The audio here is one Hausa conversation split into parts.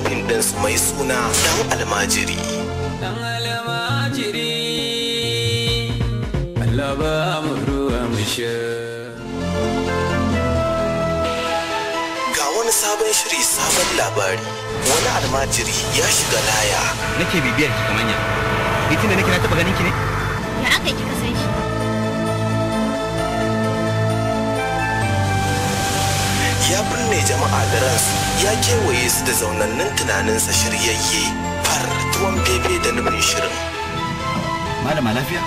da fim ɗinsu mai suna ɗan almajiri dan almajiri Allah ba mu ruwa mu ga wani sabon shiri sabon labari wani almajiri ya shiga laya nake bibiyar ki kamanya ni tunda nake na taba ganin ki ne ya aka kika san shi ya binne jama'a da ransu ya kewaye su da zaunannin tunaninsa shiryayye far tuwon bebe da nufin shirin malama lafiya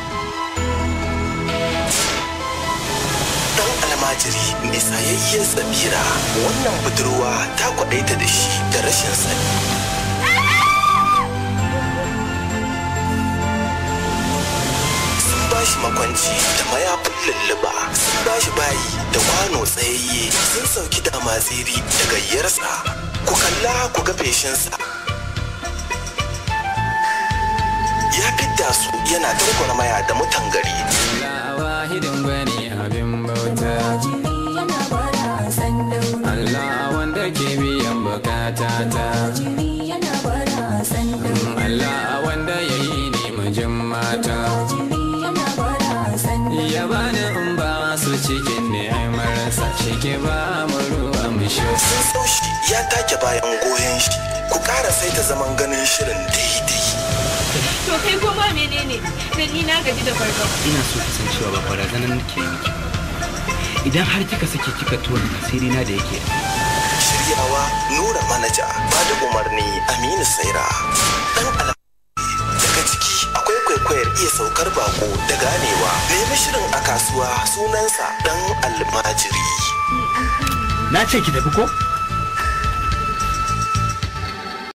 dan almajiri mai sayayyen tsabira wannan budurwa ta kwaɗaita da shi da rashin sani bashi makwanci da mayafin lulluba sun bashi bayi da kwano tsayayye sun sauki maziri da gayyarsa ku kalla ku ga feshinsa ya fidda su yana tarkwar maya da mutan gari bane abin bauta Allah wanda ke biyan bukata ta ya bani in ba su cikin ni'imarsa shi ke ba mu ruwa mu shi sun so ya take bayan goyon shi ku ƙara saita zaman ganin shirin daidai to kai goma menene da ni na gaji da farko ina so ki san cewa ba barazanar nake miki idan har kika sake kika tona asiri na da yake shiryawa nura manaja ba da umarni aminu saira iya saukar bako da ganewa nemi shirin a kasuwa sunansa dan almajiri na ce ki tafi ko